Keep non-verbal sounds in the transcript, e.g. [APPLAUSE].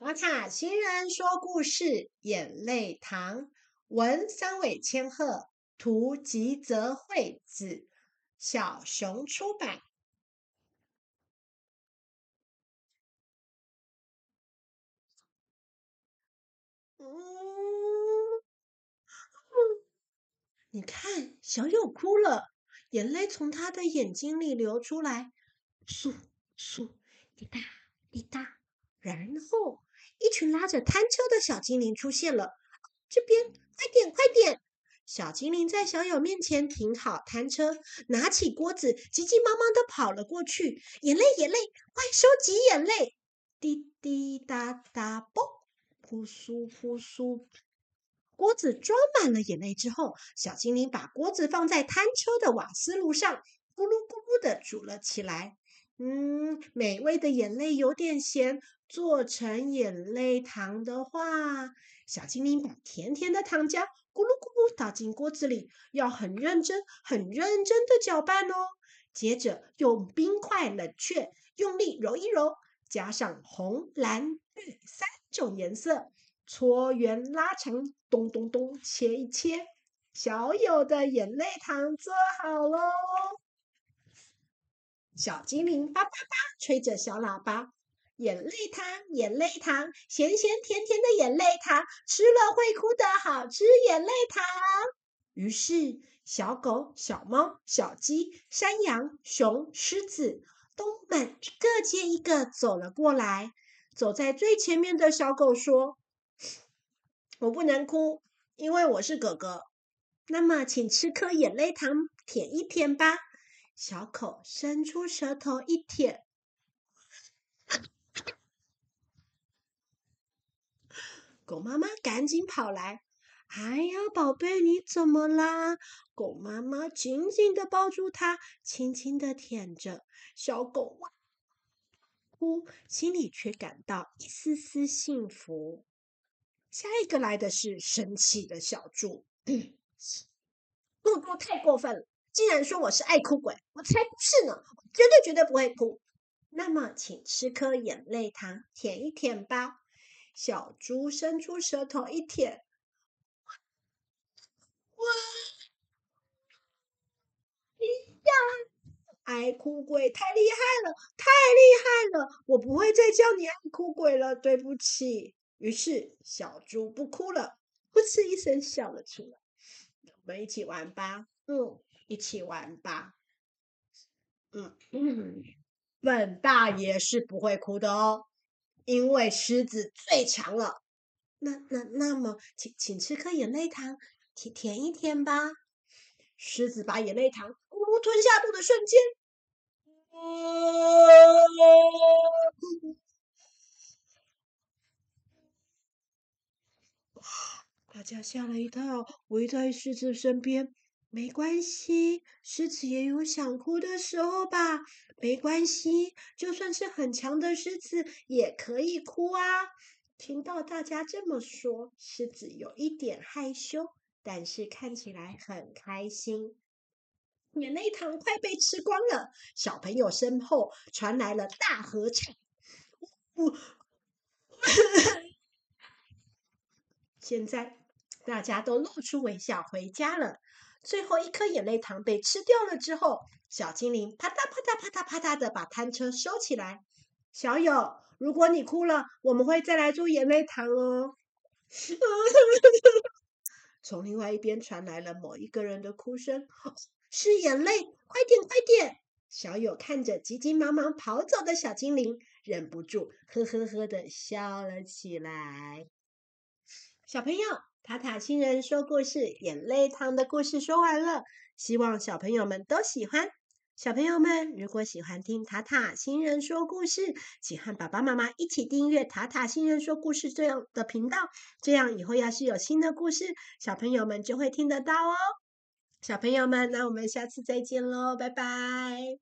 瑪卡情人說故事，眼淚糖，文三尾千鶴，圖吉澤惠子，小熊出版嗯。嗯，你看，小友哭了，眼淚從他的眼睛裡流出來，簌簌，滴答滴答，然後。一群拉着攤車的小精靈出現了，啊、這邊快點快點！小精靈在小友面前停好攤車，拿起鍋子，急急忙忙地跑了過去。眼淚眼淚，快收集眼淚！滴滴答答，噗，撲簌撲簌。鍋子裝滿了眼淚之後，小精靈把鍋子放在攤車的瓦斯爐上，咕嚕咕嚕地煮了起來。嗯，美味的眼淚有點鹹，做成眼淚糖的話，小精靈把甜甜的糖漿咕嚕咕嚕倒進鍋子裡，要很認真、很認真的攪拌哦。接着用冰塊冷卻，用力揉一揉，加上紅、藍、綠三種顏色，搓圓、拉長，咚咚咚切一切，小友的眼淚糖做好嘍。小精靈叭叭叭吹着小喇叭，眼淚糖，眼淚糖，鹹鹹甜甜的眼淚糖，吃了會哭的好吃眼淚糖。於是，小狗、小貓、小雞、山羊、熊、獅子，動物們一個接一個走了過來。走在最前面的小狗說：“我不能哭，因為我是哥哥。那麼，請吃顆眼淚糖，舔一舔吧。”小狗伸出舌頭一舔，狗媽媽趕緊跑來：“哎呀，寶貝，你怎麼啦？”狗媽媽緊緊的抱住它，輕輕的舔着小狗娃，心裡卻感到一絲絲幸福。下一個來的是神奇的小豬，嘟嘟太過分了。竟然說我是愛哭鬼，我才不是呢，我絕對絕對不會哭。那麼，請吃顆眼淚糖，舔一舔吧。小豬伸出舌頭一舔，哇，一下愛哭鬼太厲害了，太厲害了，我不會再叫你愛哭鬼了，對不起。於是小豬不哭了，噗嗤一聲笑了出來。我們一起玩吧，嗯。一起玩吧，嗯，嗯，本大爺是不會哭的哦，因為獅子最強了。那那那麼，請請吃顆眼淚糖，去舔一舔吧。獅子把眼淚糖咕咕吞下肚的瞬間，嗯、 [LAUGHS] 大家嚇了一跳，圍在獅子身邊。沒關係，獅子也有想哭的時候吧。沒關係，就算是很強的獅子也可以哭啊。聽到大家這麼說，獅子有一點害羞，但是看起來很開心。眼淚糖快被吃光了，小朋友身後傳來了大合唱。嗚嗚，現在大家都露出微笑回家了。最後一顆眼淚糖被吃掉了之後，小精靈啪嗒啪嗒啪嗒啪嗒的把攤車收起來。小友，如果你哭了，我們會再來做眼淚糖哦。 [LAUGHS] 從另外一邊傳來了某一個人的哭聲，是眼淚，快點快點！小友看着急急忙忙跑走的小精靈，忍不住呵呵呵的笑了起來。小朋友。塔塔星人說故事《眼淚糖》的故事說完了，希望小朋友們都喜歡。小朋友們，如果喜歡聽塔塔星人說故事，請和爸爸媽媽一起訂閱塔塔星人說故事這樣的頻道，這樣以後要是有新的故事，小朋友們就會聽得到哦。小朋友們，那我們下次再見嘍，拜拜。